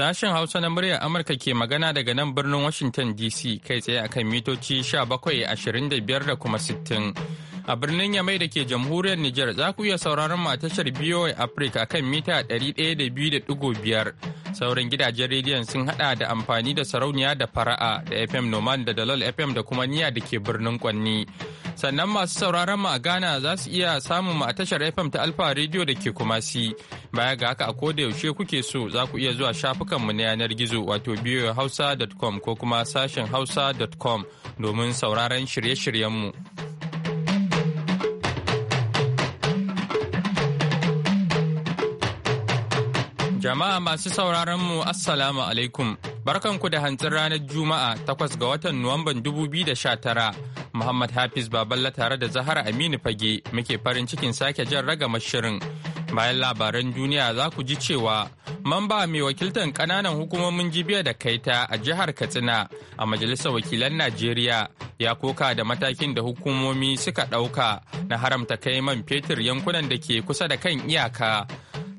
Sashen Hausa na muryar Amurka ke magana daga nan birnin Washington DC kai tsaye akan mitoci ashirin da kuma 60. A birnin Yamai da ke jamhuriyar Nijar za ku iya sauraron mu a tashar BOA Africa kan mita ɗari da da biyu biyar Sauran gidajen rediyon sun haɗa da amfani da sarauniya da fara'a da FM Noman da dalal FM da kuma Niya da ke birnin Kwanni. Sannan masu sauraron mu a Ghana za su iya samun mu a tashar FM ta Alfa Radio da ke Kumasi. Baya ga haka a ko da yaushe kuke so za ku iya zuwa shafukanmu na yanar gizo wato hausa.com ko kuma sashen hausa.com domin sauraron shirye-shiryenmu. Jama'a masu sauraron mu Assalamu alaikum. Barkanku da hantsin ranar Juma'a takwas ga watan Nuwamban tara, Muhammad Hafiz Baballa tare da Zahara Aminu Fage muke farin cikin sake jan ragamar shirin. Bayan labaran duniya za ku ji cewa mamba mai wakiltar ƙananan hukumomin jibiya da kaita a jihar Katsina a Majalisar Wakilan Najeriya ya koka da matakin da hukumomi suka ɗauka na haramta kai man fetur yankunan da ke kusa da kan iyaka.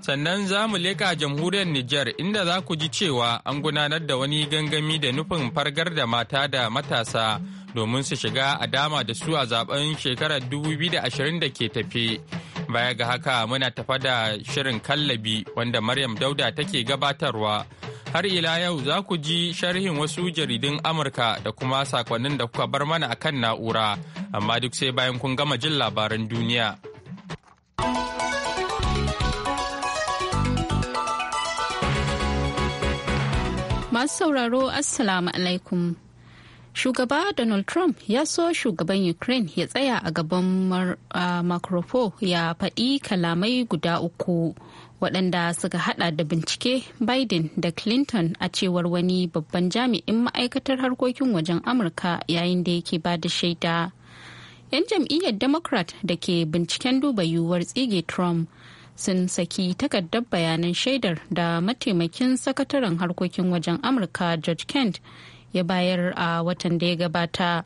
sannan za mu a jamhuriyar Nijar inda za ku ji cewa an gudanar da wani gangami da nufin fargar da mata da matasa domin su shiga a dama da su a zaben shekarar 2020 da ke tafe. Baya ga haka muna tafa da shirin kallabi wanda Maryam Dauda take gabatarwa. Har ila yau za ku ji sharhin wasu jaridun Amurka da kuma sakonnin da kuka bar mana akan na'ura, amma duk sai bayan kun gama jin labaran duniya. Masu sauraro Assalamu alaikum. Shugaba Donald Trump ya so shugaban Ukraine ya tsaya a gaban makrofo ya faɗi kalamai guda uku waɗanda suka haɗa da bincike Biden da Clinton a cewar wani babban jami'in ma'aikatar harkokin wajen Amurka yayin da yake ba da shaida. 'Yan jam'iyyar Democrat da ke binciken duba yiwuwar tsige Trump sun saki takardar bayanan shaidar da mataimakin sakataren harkokin wajen amurka george kent ya bayar a watan da ya gabata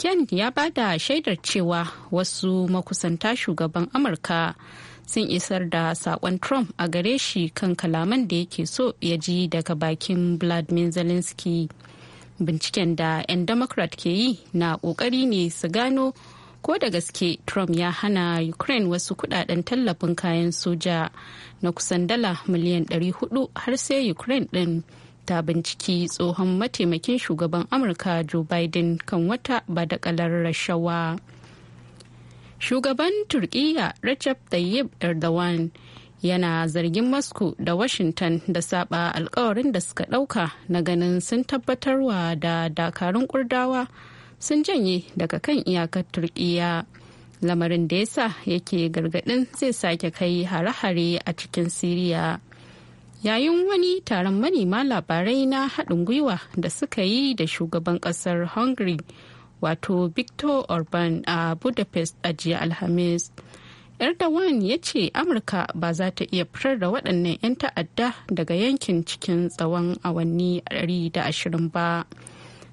kent ya ba da shaidar cewa wasu makusanta shugaban amurka sun isar da sakon trump a gare shi kan kalaman da yake so ya ji daga bakin vladimir zelensky binciken da 'yan democrat ke yi na kokari ne su gano ko da gaske Trump ya hana Ukraine wasu kudaden tallafin kayan soja na kusan dala miliyan 400 har sai Ukraine din ta binciki tsohon mataimakin shugaban Amurka Joe Biden kan wata badakalar rashawa. Shugaban Turkiyya Recep Tayyip Erdogan yana zargin Moscow da Washington da saba alkawarin da suka dauka na ganin sun tabbatarwa da dakarun kurdawa. sun janye daga kan iyakar turkiya lamarin da yasa yake gargadin zai sake kai hare-hare a cikin siriya yayin wani taron manema labarai na haɗin gwiwa da suka yi da shugaban ƙasar hungary wato victor orban a budapest a jiya alhamis erdogan ya ce amurka ba za ta iya fitar da waɗannan 'yan ta'adda daga yankin cikin tsawon awanni 120 ba.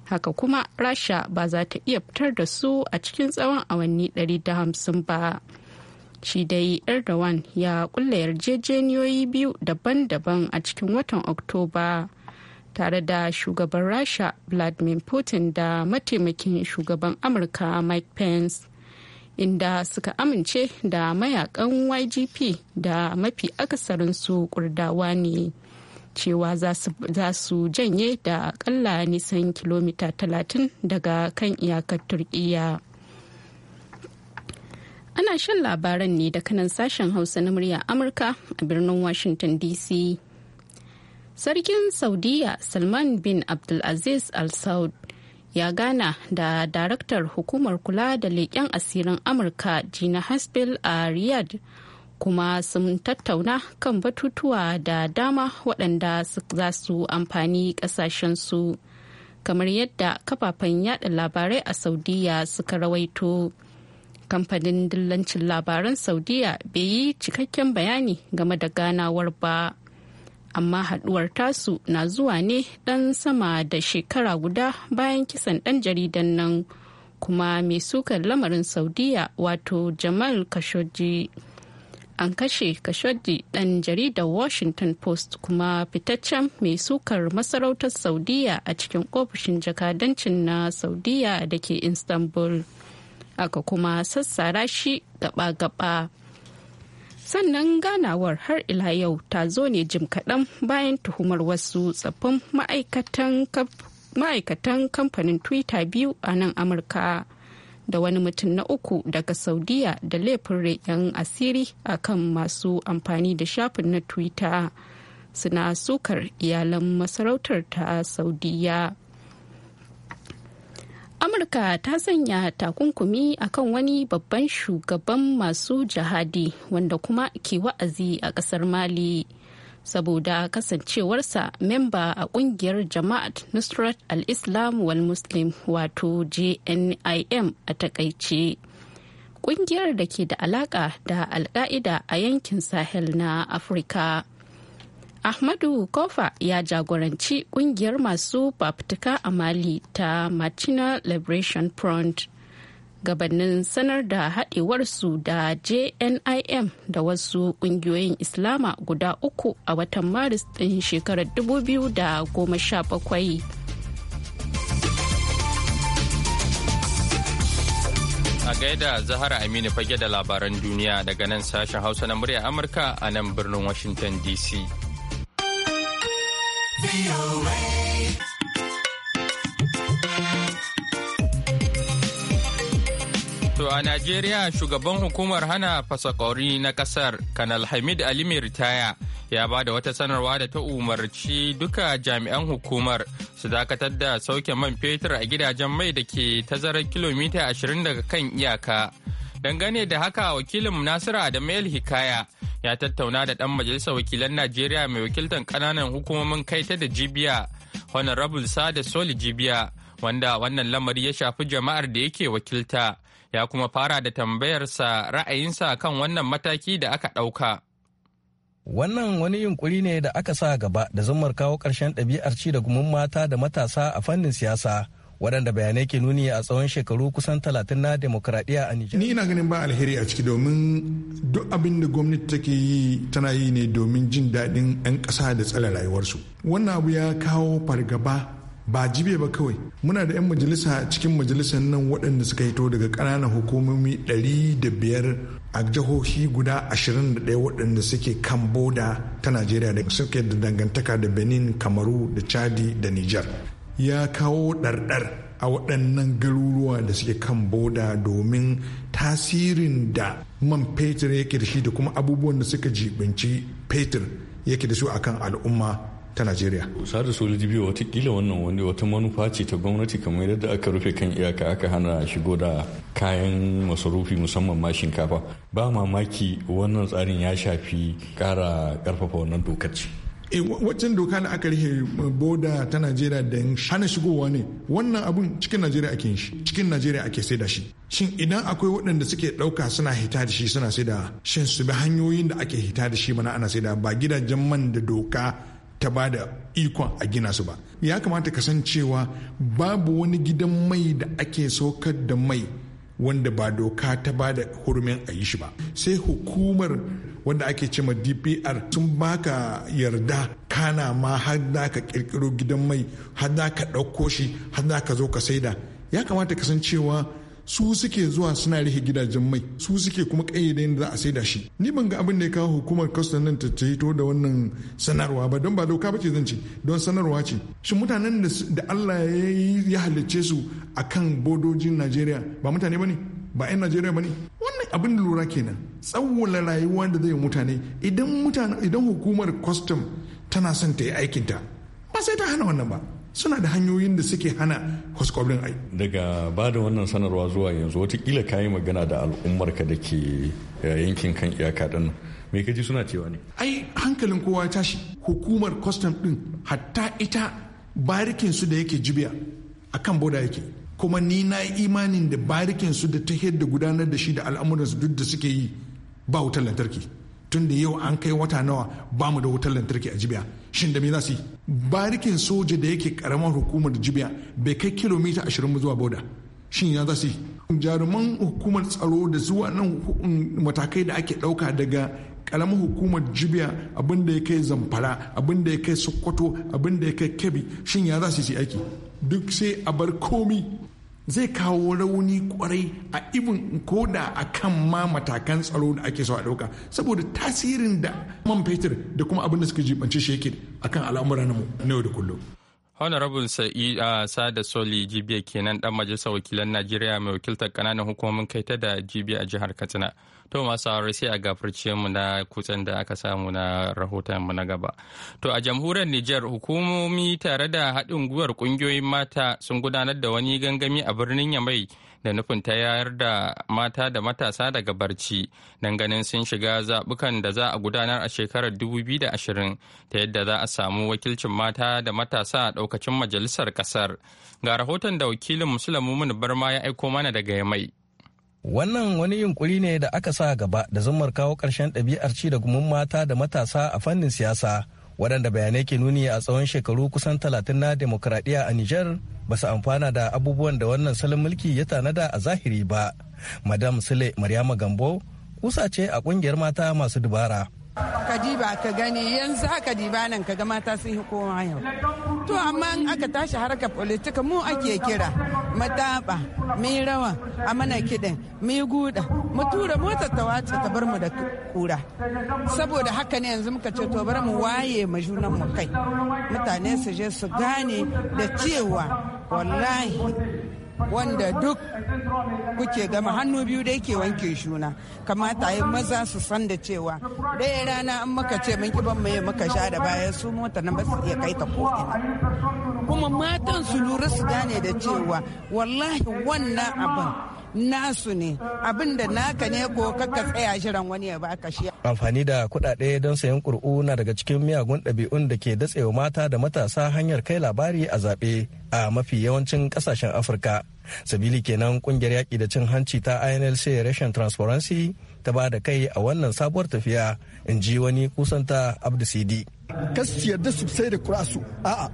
haka kuma rasha ba za ta iya fitar da su a cikin tsawon awanni 150 ba shi dai erdogan ya kulle yarjejeniyoyi biyu daban-daban a cikin watan oktoba tare da shugaban rasha vladimir putin da mataimakin shugaban amurka mike pence inda suka amince da mayakan ygp da mafi akasarinsu kurdawa ne cewa za su janye da akalla nisan kilomita 30 daga kan iyakar turkiya. ana shan labaran ne da kanan sashen hausa na murya amurka a birnin washington dc sarkin saudiya salman bin abdulaziz al saud ya gana da daraktar hukumar kula da leƙen asirin amurka gina haspel a riyadh kuma sun tattauna kan batutuwa da dama waɗanda za su amfani ƙasashensu kamar yadda kafafen yada labarai a saudiya suka rawaito kamfanin dillancin labaran saudiya bai yi cikakken bayani game da ganawar ba amma haduwar tasu na zuwa ne ɗan sama da shekara guda bayan kisan ɗan jaridan nan kuma mai sukar lamarin saudiya wato jamal khashoggi an kashe Khashoggi ɗan jaridar Washington Post kuma fitaccen mai sukar masarautar Saudiya a cikin ofishin jakadancin na Saudiya da ke Istanbul. Aka kuma sassara shi gaba-gaba. Sannan ganawar har ila yau ta zo ne jim kaɗan bayan tuhumar wasu tsaffin ma'aikatan kamfanin Twitter biyu a nan Amurka. da wani mutum na uku daga saudiya da laifin yan asiri akan masu amfani da shafin na twitter suna sukar iyalan masarautar ta saudiya amurka ta sanya takunkumi akan wani babban shugaban masu jihadi wanda kuma ke wa'azi a kasar mali saboda kasancewarsa memba a kungiyar jama'at nusrat al-islam wal muslim wato jnim a takaice kungiyar da ke da alaka da alka'ida a yankin sahel na afirka ahmadu kofa ya jagoranci kungiyar masu fafutuka a mali ta martina liberation front gabanin sanar da haɗewarsu da jnim da wasu ƙungiyoyin islama guda uku a watan maris ɗin shekarar 2017 a gaida zahara aminu fage da labaran duniya daga nan sashen hausa na murya amurka a nan birnin washington dc To a Najeriya shugaban hukumar hana fasakori na kasar Kanal Hamid Ali mai ritaya ya ba da wata sanarwa da ta umarci duka jami'an hukumar su dakatar da sauke man fetur a gidajen mai da ke tazarar kilomita 20 daga kan iyaka. Dangane da haka wakilin Nasiru Adamu el Hikaya ya tattauna da ɗan majalisar wakilan Najeriya mai wakiltar ƙananan hukumomin kai ta da jibiya Honorable Sada Soli jibiya wanda wannan lamari ya shafi jama'ar da yake wakilta. ya kuma fara da tambayarsa ra'ayinsa kan wannan mataki da aka ɗauka. Wannan wani yunkuri ne da aka sa gaba da zumar kawo ƙarshen ɗabi'ar ci da gumin mata da matasa a fannin siyasa waɗanda bayanai ke nuni a tsawon shekaru kusan talatin na demokuraɗiyya a Nijar. Ni ina ganin ba alheri a ciki domin duk abin da gwamnati take yi tana yi ne domin jin daɗin 'yan ƙasa da tsare rayuwarsu. Wannan abu ya kawo fargaba ba jibe ba kawai muna da 'yan majalisa a cikin majalisar nan waɗanda suka hito daga ƙananan hukumomi 500 a jihohi guda 21 waɗanda suke kan boda ta najeriya da suke da dangantaka da benin kamaru da chadi da niger ya kawo ɗarɗar a waɗannan garuruwa da suke kan boda domin tasirin da man fetur yake da shi da kuma abubuwan da suka jibinci fetur yake da su akan al'umma ta najeriya sada sojoji biyu watakila wannan wani wata manufa ce ta gwamnati kamar yadda aka rufe kan iyaka aka hana shigo da kayan masarufi musamman ma shinkafa ba mamaki wannan tsarin ya shafi kara karfafa wannan dokar ce eh, waccan doka da aka rike eh, boda ta najeriya da hana shigowa ne wannan abun cikin najeriya ake shi cikin najeriya ake sai da shi shin idan akwai waɗanda suke ɗauka suna hita da shi suna sai da shin su bi hanyoyin da ake hita da shi mana ana sai da ba gidajen man da doka ta ba da ikon a gina su ba ya kamata kasancewa babu wani gidan mai da ake saukar da mai wanda ba doka ta ba da hurumin a yi shi ba sai hukumar wanda ake cema dpr sun baka yarda kana ma har da ka kirkiro gidan mai har da ka ɗauko shi har da ka zo ka saida ya kamata kasancewa su suke zuwa suna rihe gidajen mai su suke kuma kayyade da za a da shi ni ban ga abin da ya kawo hukumar kwastam nan ta hito da wannan sanarwa ba don ba doka ba ce zan ce don sanarwa ce Shin mutanen da Allah ya halicce su a kan bodojin Najeriya ba mutane ba ne ba 'yan Najeriya ba ne wannan abin da lura kenan tsawwala rayuwa da zai mutane idan mutane idan hukumar kwastam tana son ta yi aikinta ba sai ta hana wannan ba suna da hanyoyin da suke hana kwaskwabrin ai daga ba da wannan sanarwa zuwa yanzu watakila ka yi magana da al'ummar ka da ke eh, yankin kan iyaka ɗin me kaji suna cewa ne ai hankalin kowa ya tashi hukumar kwastam ɗin hatta ita barikin su da yake jibiya a kan boda yake kuma ni na yi imanin da barikin su da ta da gudanar da shi da al'amuransu duk da suke yi ba wutar lantarki tun da yau an kai wata nawa ba mu da wutar lantarki a jibiya shin da me za su yi barikin soja da yake karamar hukumar jibiya bai kai kilomita 20 zuwa boda shin ya za jaruman hukumar tsaro da zuwa nan mm, matakai da ake ɗauka daga karamar hukumar jibiya abinda ya kai zamfara abinda ya kai sokoto abinda ya kai kebbi shin ya za su yi aiki duk sai a bar komi zai kawo rauni kwarai a ibin koda a kan ma matakan tsaro da ake so a ɗauka saboda tasirin da man fetur da kuma abin da suka jibanci shekid akan al'amura na mu na yau da kullum honorable sa'id uh, sada soli jibiya kenan ɗan majalisar wakilan najeriya mai wakiltar kananan hukumomin kai ta da jibiya a jihar katsina to masu aure sai a gafarce mu na kutsen da aka samu na rahoton mu na gaba to a jamhuriyar niger hukumomi tare da haɗin gwiwar ƙungiyoyin mata sun gudanar da wani gangami a birnin yamai da nufin ta yayar da mata da matasa daga barci don ganin sun shiga zaɓukan da za a gudanar a shekarar 2020 ta yadda za a samu wakilcin mata da matasa a ɗaukacin majalisar ƙasar ga rahoton da wakilin musulun barma ya aiko mana daga yamai Wannan wani yunkuri ne da aka sa gaba da zumar kawo ƙarshen ɗabi'ar ci da gumin mata da matasa a fannin siyasa waɗanda bayanai ke nuni a tsawon shekaru kusan talatin na demokradiyya a Nijar ba su amfana da abubuwan da wannan salon mulki ya tanada a zahiri ba. Madam Sule Maryama Gambo kusa ce a ƙungiyar mata masu dubara. kadiba ka gani yanzu haka diba nan ka ga mata sun yi kowa yau to amma aka tashi harkar politika mu ake kira madaba mai rawa a mana kiɗan mai guda mu tura motar ta wace ta bar mu da kura saboda haka ne yanzu muka ce to bari mu waye ma junan mu kai mutane su je su gane da cewa wallahi wanda duk kuke gama hannu biyu da ke wanke shuna kamata yi maza su san da cewa ɗaya rana an maka ce mun kiban mai maka sha da baya su mota na ba su iya kai ta ko'ina kuma matan su lura su gane da cewa wallahi wannan abin nasu ne abinda naka ne ko kaka tsaya jiran wani ya baka shi amfani da kuɗaɗe don sayan ƙuri'u na daga cikin miyagun ɗabi'un da ke datsewa mata da matasa hanyar kai labari a zaɓe a mafi yawancin kasashen afirka sabili kenan ƙungiyar yaƙi da cin hanci ta inlc rashin transparency ta ba da kai a wannan sabuwar tafiya in ji wani kusanta abdu sidi kasu yarda su sai da kurasu a'a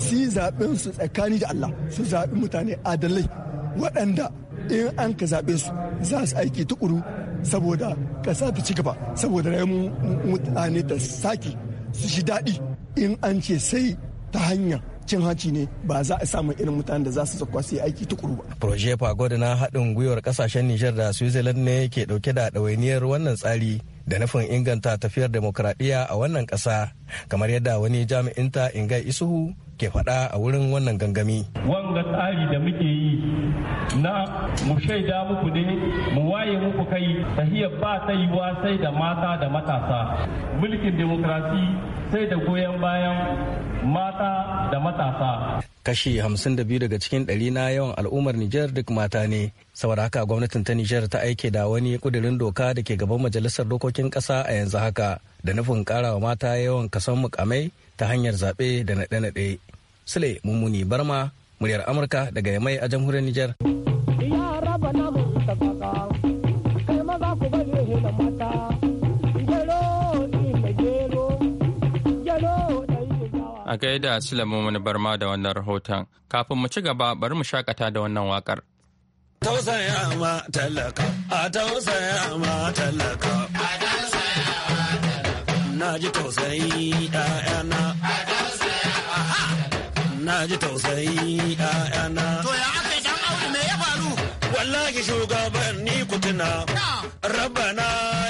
su yi zaɓen su tsakani da allah su zaɓi mutane adalai waɗanda in an ka zaɓe su za su aiki tukuru saboda ƙasa ta ci gaba saboda rayuwar mutane ta saki su shi daɗi in an ce sai ta hanya cin hanci ne ba za a samu irin mutane da za su zakwa su aiki tukuru ba. Proje Pagod na haɗin gwiwar ƙasashen Nijar da Switzerland ne ke ɗauke da ɗawainiyar wannan tsari da nufin inganta tafiyar demokradiyya a wannan ƙasa kamar yadda wani jami'inta Ingai Isuhu ke faɗa a wurin wannan gangami. Wanga tsari da muke yi na mu shaida muku ne mu waye muku kai tahiyar ba ta yi sai da mata da matasa. Mulkin demokrasi sai da goyon bayan mata da matasa. Kashi hamsin da biyu daga cikin ɗari na yawan al'ummar Nijar duk mata ne. Saboda haka gwamnatin ta Nijar ta aike da wani ƙudurin doka da ke gaban majalisar dokokin ƙasa a yanzu haka da nufin ƙarawa mata yawan kasan mukamai ta hanyar zaɓe da naɗe-naɗe. Sule Mummuni Barma, muryar Amurka daga Yamai a jamhuriyar Nijar. A gaida Sule Mummuni Barma da wannan rahoton. Kafin mu ci gaba, bari mu shakata da wannan wakar. Tausaya ma talaka, a tausaya ma talaka. A tausaya ma talaka. Na ji tausayi na. na ji tausayi yana To ya aka dan auku me ya faru? Wallahi shugaban ni ku tuna. Rabana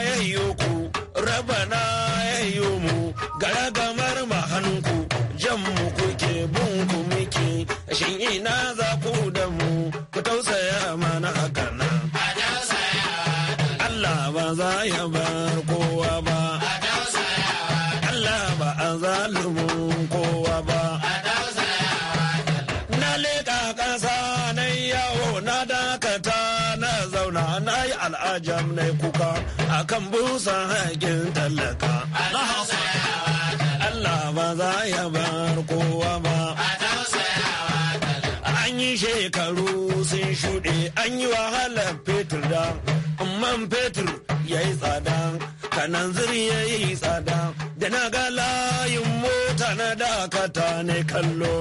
ya yi ku, rabana ya yiwu mu, gara gamar ma hannunku, jan mu kuke bun ku muke, shin ina za ku da mu, ku tausaya mana hakana Allah ba za ya ba. al'ajam na kuka a kan busa haƙin tallaka Allah ba za ya bar kowa ba an yi shekaru sun shuɗe an yi wahalar fetur da man fetur ya yi tsada kanan ya yi tsada da na ga layin mota na dakata ne kallo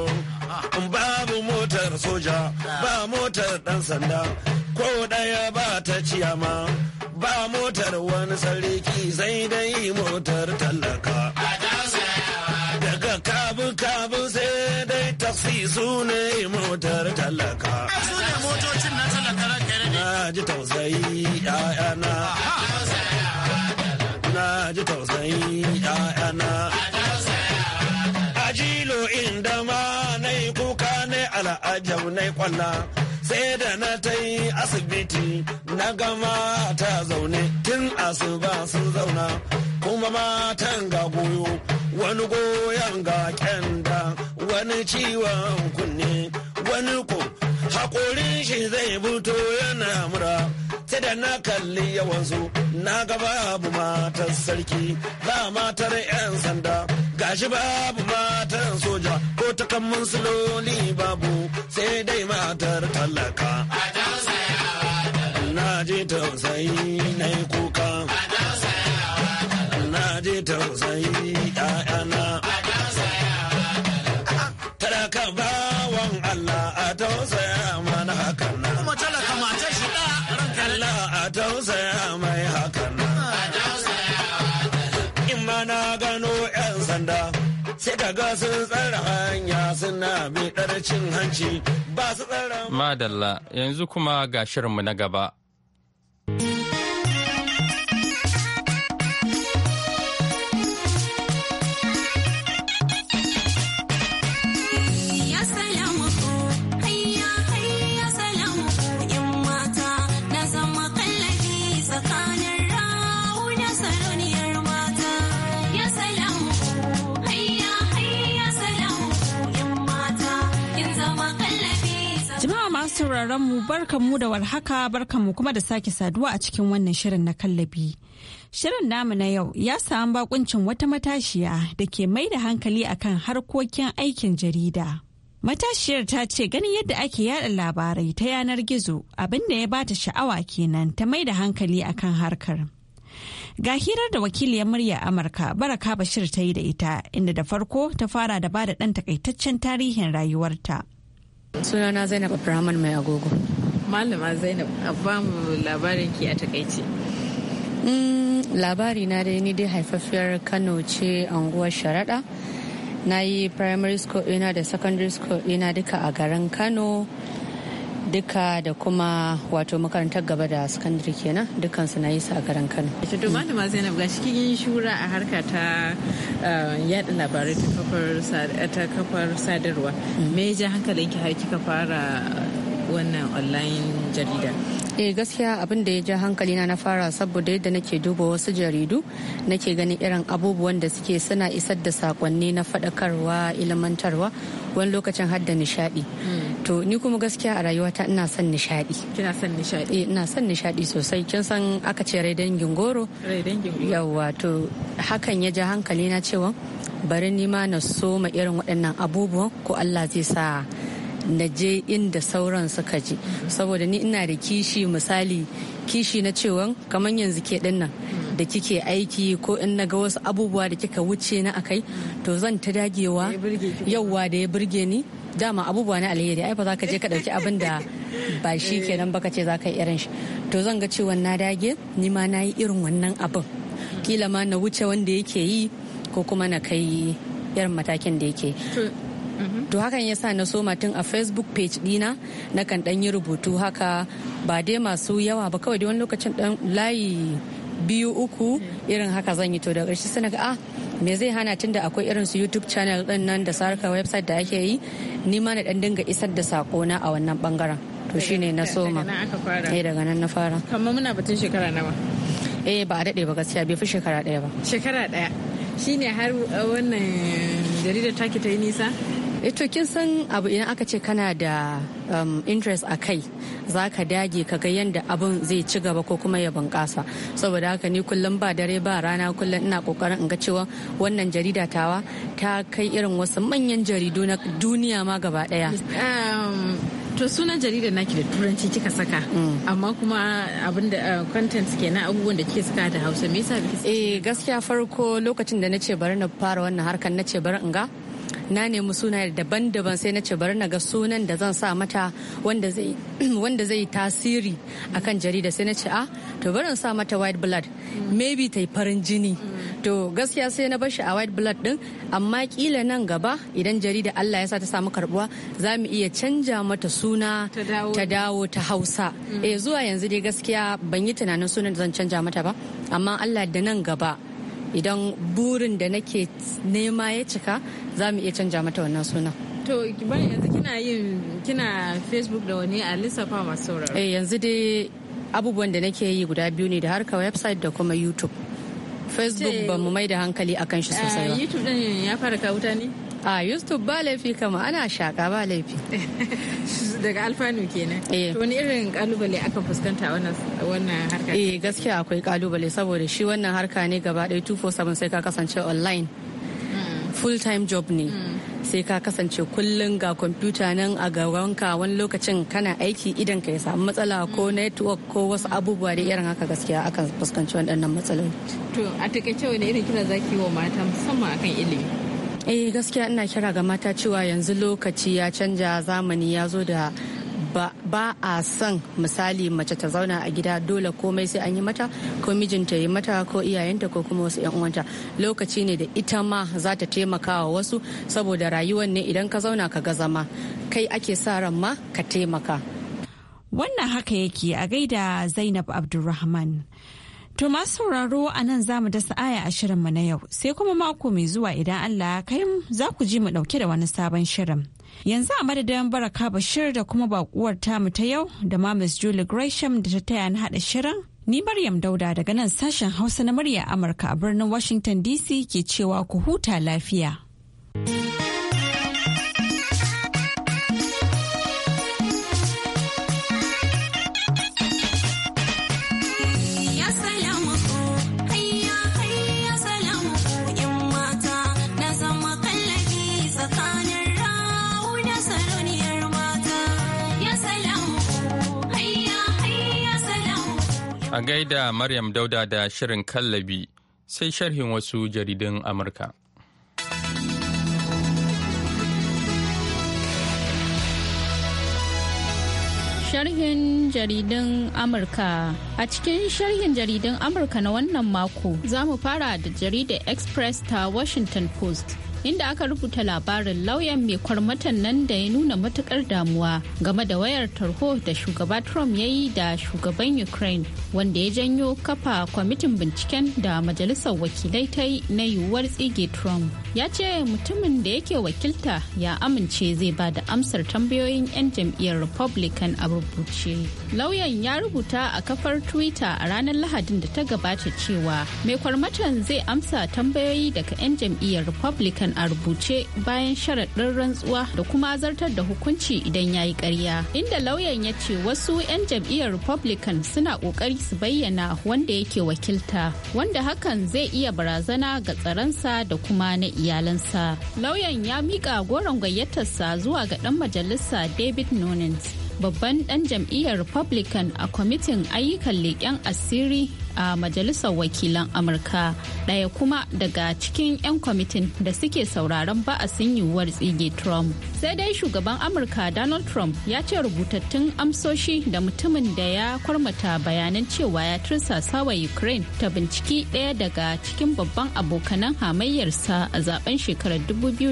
babu motar soja ba motar ɗan sanda ko ɗaya ba ta ciyama ba motar wani sarki sai dai motar tallaka daga Kabu Kabu sai dai taksi su ne motar tallaka su ne motocin na ji tausayi 'ya'yana na ji tausayin ‘ya'yana. Ajilo inda ma na yi kuka na al'ajau na kwalla. Sai da na ta yi asibiti na gama ta zaune tun asuba sun zauna kuma matan ga goyo wani goyon ga kyanda wani ciwon kunne wani ko hakorin shi zai buto yana mura sai da na kalli yawansu na ga babu matar sarki ba matar 'yan sanda gashi babu matan soja ko ta kan suloli babu sai dai matar talaka na je tausayi na yi kuka na je tausayi sai ga sun tsara hanya suna biɗar cin hanci ba su tsara. Madalla yanzu kuma ga shirinmu na gaba. Jama'a masu sauraron mu barkanmu da warhaka barkanmu kuma da sake saduwa a cikin wannan shirin na kallabi. Shirin namu na yau ya samu bakuncin wata matashiya da ke mai da hankali akan harkokin aikin jarida. Matashiyar ta ce ganin yadda ake yada labarai ta yanar gizo abin da ya bata sha'awa kenan ta mai da hankali akan harkar. Ga hirar da wakiliyar murya Amurka Baraka Bashir ta yi da ita inda da farko ta fara da ba da ɗan takaitaccen tarihin rayuwarta. sunana zainab abrahman mai agogo malama zainab a bamu labarin ki a takaice mm, labari na dai ni dai haifafiyar kano ce anguwar sharaɗa na yi primary school ina da secondary school ina duka a garin kano duka da kuma wato makarantar gaba da sakandare kenan dukkan su na yi sa garin Kano. Ita to malam Zainab ga shi yin shura a harka ta eh, yada labarai ta kafar sadarwa. Mm. Me ya ja hankalinki har kika fara wannan online jarida eh gaskiya abin da ya ja hankali na na fara saboda yadda nake duba wasu jaridu nake ganin irin abubuwan da suke suna isar da sakonni na faɗakarwa ilmantarwa wani lokacin har da nishaɗi hmm. to ni kuma gaskiya a rayuwata ina son nishaɗi kina son nishaɗi eh ina son nishaɗi sosai kin san aka ce rai dangin goro rai dangin goro yawa to hakan ya ja hankali na cewa bari ni ma na soma irin waɗannan abubuwan ko Allah zai sa na je inda sauran suka je saboda ni ina da kishi misali kishi na cewa kamar yanzu ke dinnan da kike aiki ko in na ga wasu abubuwa da kika wuce na akai to zan ta dagewa yauwa da ya burge ni dama abubuwa na alheri ai ba za ka je ka dauki abin da ba shi eh. kenan baka ce za ka yi irin shi to zan ga cewa na dage ni ma na yi irin wannan abin kila ma na wuce wanda yake yi ko kuma na kai irin matakin da yake Mm-hmm. to hakan yasa na soma tun a facebook page dina na kan dan yi rubutu haka ba dai masu yawa ba kawai dai wani lokacin dan layi biyu uku irin haka zan yi to da ƙarshe suna ga ah me zai hana tun da akwai irin su youtube channel din nan da sarka website da ake yi ni ma na dan dinga isar da sako na a wannan bangaren to shine na soma eh daga nan na fara amma muna batun shekara nawa eh ba a daɗe ba gaskiya bai fi shekara ɗaya ba shekara ɗaya shine har uh, wannan jaridar take ta yi nisa Eh, to kin san abu idan aka ce kana da um, interest a kai za ka dage ka ga yadda abun zai ci gaba ko kuma ya bunƙasa saboda haka ni kullum ba dare ba rana kullum ina kokarin in ga cewa wannan jarida tawa ta kai irin wasu manyan jaridu na duniya ma gaba daya. Um, to sunan na naki da turanci kika saka mm. amma kuma abin da uh, content na abubuwan da kike saka da hausa me yasa eh gaskiya farko lokacin da nace bari na fara wannan harkar nace bari in ga na nemi suna daban-daban sai na ce bari na ga sunan da zan sa mata wanda zai tasiri akan jarida sai na ce a ah, to bari sa mata white blood maybe ta yi farin jini to gaskiya sai na bashi a white blood din amma kila nan gaba idan jarida Allah ya sa ta samu karbuwa za mu iya canja mata suna ta dawo ta hausa mm. eh zuwa yanzu dai gaskiya ban yi tunanin sunan da zan canja mata ba amma Allah da nan gaba idan burin da nake nema ya cika za mu iya canja mata wannan suna. to yanzu kina yin kina facebook da wani a lissafa masu sauraro eh yanzu dai abubuwan da nake yi guda biyu ne da harka website da kuma youtube facebook ba mu mai da hankali akan shi sosai eh, ba youtube din ya fara kawuta ne a yusuf ba laifi kama ana shaka ba laifi daga alfanu kenan eh. to wani irin kalubale aka fuskanta a wannan harka eh gaskiya akwai kalubale saboda shi wannan harka ne gaba ɗaya 247 sai ka kasance online mm. full time job ne mm. sai ka kasance kullum ga kwamfuta nan a gabanka wani lokacin kana aiki idan ka ya samu matsala ko mm. network ko wasu abubuwa da irin haka gaskiya akan fuskanci waɗannan matsaloli. To a takaice wani irin kira zaki wa mata musamman akan ilimi? eh gaskiya ina kira ga mata cewa yanzu lokaci ya canja zamani ya zo da ba a san misali mace ta zauna a gida dole komai sai an yi mata ko mijinta yi mata ko iyayenta ko kuma wasu yan uwanta lokaci ne da ita ma za ta taimaka wa wasu saboda rayuwar ne idan ka zauna ka ga zama kai ake sa ran ma ka taimaka wannan haka yake a gaida zainab abdulrahman To ma sauraro a nan za mu dasa aya a mu na yau sai kuma mako mai zuwa idan Allah ya kai za ku ji mu ɗauke da wani sabon shirin. Yanzu a madadin baraka bashir da kuma bakuwar tamu ta yau da ma Miss Julie Gresham da ta taya na haɗa shirin. Ni Maryam Dauda daga nan sashen Hausa na murya Amurka a birnin Washington DC ke cewa ku huta lafiya. A gaida Maryam Dauda da Shirin Kallabi sai sharhin wasu jaridun Amurka. sharhin jaridun Amurka. A cikin sharhin jaridun Amurka na wannan mako, za mu fara da jaridar Express ta Washington Post. inda aka rubuta labarin lauyan mai kwarmatan nan da ya nuna matukar damuwa game da wayar tarho da shugaba Trump ya yi da shugaban Ukraine wanda ya janyo kafa kwamitin binciken da majalisar wakilai ta yi na yiwuwar tsige Trump. ya ce mutumin da yake wakilta ya amince zai ba da amsar tambayoyin 'yan jam'iyyar republican a rubuce lauyan ya rubuta a kafar twitter a ranar lahadin da ta gabata cewa mai kwarmatan zai amsa tambayoyi daga 'yan jam'iyyar republican a rubuce bayan sharaɗin rantsuwa da kuma zartar da hukunci idan ya yi ƙarya inda lauyan ya ce wasu 'yan jam'iyyar republican suna ƙoƙari su bayyana wanda yake wakilta wanda hakan zai iya barazana ga tsaronsa da kuma na iyalansa lauyan ya miƙa goron gayyatarsa zuwa ga ɗan majalisa david nunes babban ɗan jam'iyyar republican a kwamitin ayyukan leƙen asiri a majalisar wakilan amurka ɗaya kuma daga cikin 'yan kwamitin da suke sauraron ba'asin yiwuwar tsige trump sai dai shugaban amurka donald trump ya ce rubutattun amsoshi da mutumin da ya kwarmata bayanan cewa ya tursasa wa ukraine ta binciki ɗaya daga cikin babban abokanan hamayyarsa a zaben shekarar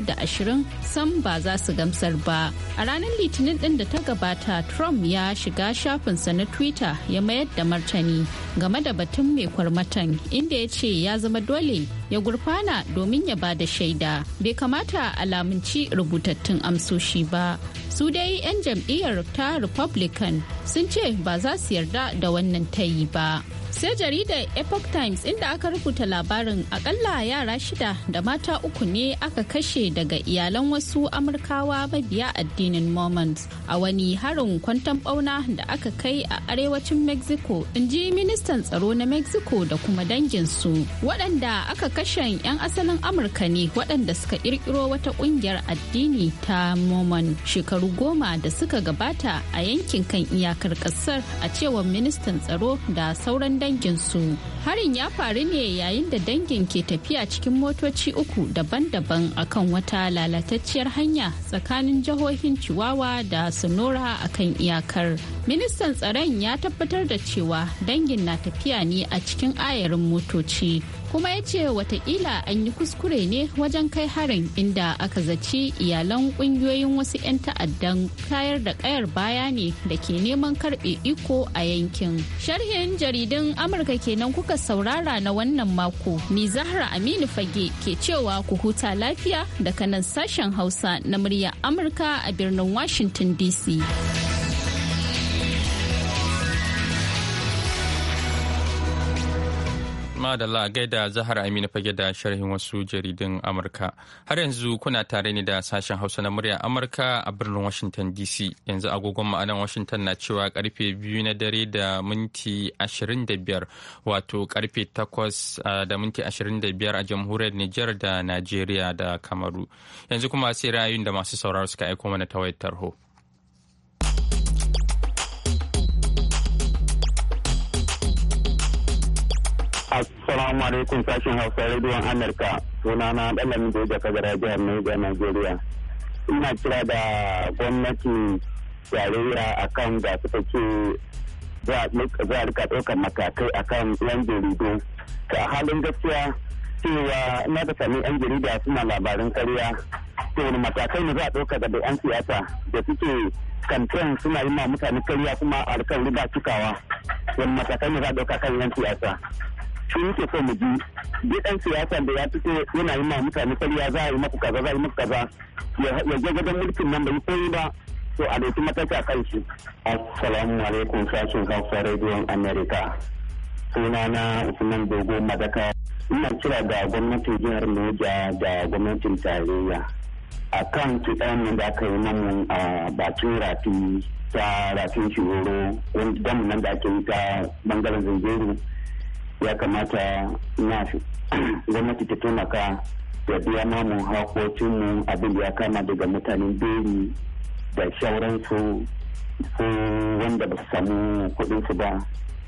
da ashirin sam ba za su gamsar ba a ranar litinin ɗin da ta gabata trump ya shiga shafinsa na twitter ya mayar da martani game da batun mai kwarmatan inda ya ce ya zama dole ya gurfana domin ya ba da shaida bai kamata a alamunci rubutattun amsoshi ba su dai 'yan jam'iyyar ta republican sun ce ba za su yarda da wannan tayi ba sai jaridar epoch times inda aka rubuta labarin akalla yara shida da mata uku ne aka kashe daga iyalan wasu amurkawa mabiya addinin mormons a wani harin kwanton bauna da aka kai a arewacin mexico in ji ministan tsaro na mexico da kuma danginsu waɗanda aka kashe 'yan asalin amurka ne waɗanda suka ƙirƙiro wata ƙungiyar addini ta mormon shekaru goma da suka gabata a yankin kan iyakar ƙasar a cewar ministan tsaro da sauran danginsu. Harin ya faru ne yayin da dangin ke tafiya cikin motoci uku daban-daban akan wata lalatacciyar hanya tsakanin jihohin Chihuahua da Sonora akan iyakar. Ministan tsaron ya tabbatar da cewa dangin na tafiya ne a cikin ayarin motoci. kuma ya ce watakila an yi kuskure ne wajen kai harin inda aka zaci iyalan kungiyoyin wasu 'yan ta'addan kayar da kayar baya ne da ke neman karbe iko a yankin sharhin jaridun amurka kenan kuka saurara na wannan mako ni zahra aminu fage ke cewa ku huta lafiya daga nan sashen hausa na murya amurka a birnin washington dc Madalla gaida Zahar Aminu fage da sharhin wasu jaridun Amurka. Har yanzu kuna tare ne da sashen Hausa na murya Amurka a birnin Washington DC. Yanzu agogon ma'anan Washington na cewa karfe biyu na dare da minti 25 wato karfe 8 da minti biyar a jamhuriyar niger da nigeria da Kamaru. Yanzu kuma sai ra'ayin da masu sauraro suka aiko mana ta wayar tarho. Assalamu alaikum sashen Hausa rediyon Amurka sunana na Doja Kagara jihar Niger Najeriya. Ina kira da gwamnati tarayya akan ga su ce za a rika ɗaukar matakai akan yan jaridu. Ka halin gaskiya cewa na da sami yan jarida suna labarin karya. To wani matakai ne za a ɗauka daga yan siyasa da suke kantin suna yi ma mutane karya kuma a riba cikawa. Wani matakai ne za a ɗauka kan yan siyasa. shi muke so mu ji duk ɗan siyasa da ya fito yana yi ma mutane karya za a yi maku kaza za a yi maku kaza ya je gadon mulkin nan bai koyi ba to a dauki mataki a kan shi. Assalamu alaikum sashen Hausa Radio America. Suna na Usman Dogo Madaka. Ina kira ga gwamnatin jihar Neja da gwamnatin tarayya. A kan kiɗan da aka yi mamu a bakin rafi ta rafin shiroro wani damu nan da ake yi ta bangaren zanjeru. ya kamata na gwamnati ta taimaka da biya namu hakokinmu abin da ya kama daga mutanen beri da shauransu su wanda ba su samu kudinsu ba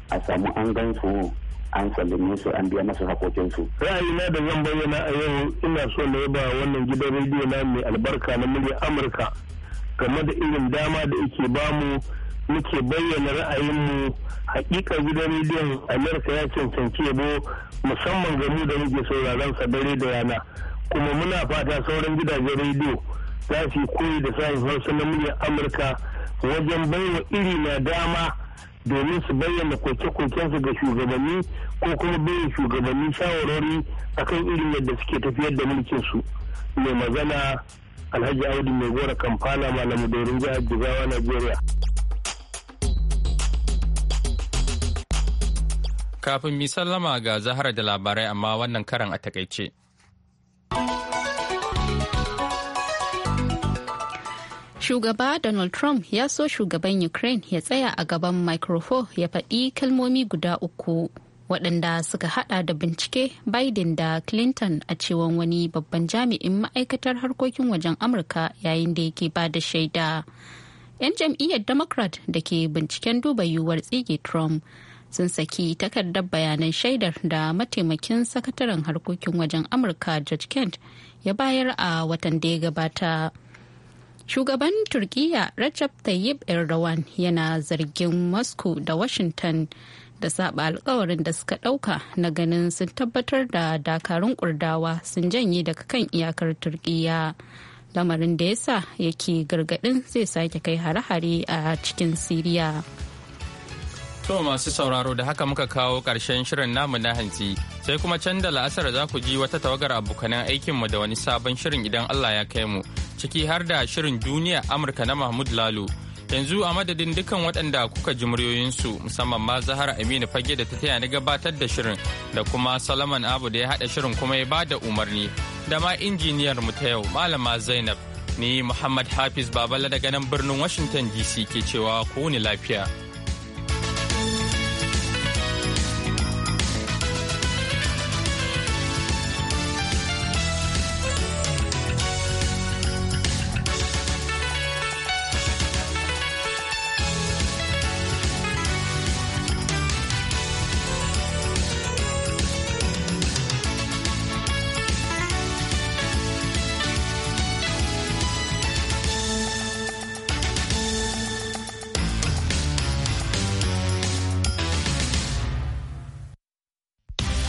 a samu an gansu an sallame su an biya masu hakokinsu. ra'ayina da zan bayyana a yau ina so na yaba wannan gidan rediyo na mai albarka na murya amurka game da irin dama da yake bamu muke bayyana ra'ayinmu hakika gidan rediyon amurka ya cancanci yabo musamman ga mu da muke sauraron sa dare da yana kuma muna fata sauran gidajen rediyo za su yi koyi da sa'in hausa na muryar amurka wajen baiwa iri na dama domin su bayyana koke-kokensu ga shugabanni ko kuma bayan shugabanni shawarori akan irin yadda suke tafiyar da mulkinsu mai magana alhaji audu mai gora kamfana malamu dorin jihar jigawa nigeria. Kafin mi sallama ga zahara da labarai amma wannan karan a takaice. Shugaba Donald Trump ya so shugaban Ukraine ya tsaya a gaban microfo ya faɗi kalmomi guda uku waɗanda suka haɗa da bincike Biden da Clinton a cewan wani babban jami'in ma'aikatar harkokin wajen Amurka yayin da yake ba da shaida. 'Yan jam'iyyar Democrat da ke binciken duba yiwuwar tsige Trump sun saki takardar bayanan shaidar da mataimakin sakataren harkokin wajen amurka george kent ya bayar a watan da ya gabata shugaban turkiyya rajab tayyip erdogan yana zargin moscow da washington da saba alkawarin da suka dauka na ganin sun tabbatar da dakarun kurdawa sun janye daga kan iyakar turkiyya lamarin da ya sa yake gargadin zai sake kai hare-hare a cikin siriya. To masu sauraro da haka muka kawo ƙarshen shirin namu na hanci sai kuma can da la'asar za ku ji wata tawagar abokanan aikinmu da wani sabon shirin idan Allah ya kai mu ciki har da shirin duniya Amurka na Mahmud Lalo. Yanzu a madadin dukkan waɗanda kuka ji muryoyinsu musamman ma Zahar Aminu Fage da ta taya ni gabatar da shirin da kuma salaman Abu da ya haɗa shirin kuma ya bada umarni da ma injiniyar mu ta yau Malama Zainab ni Muhammad Hafiz Babala daga nan birnin Washington DC ke cewa ku ni lafiya.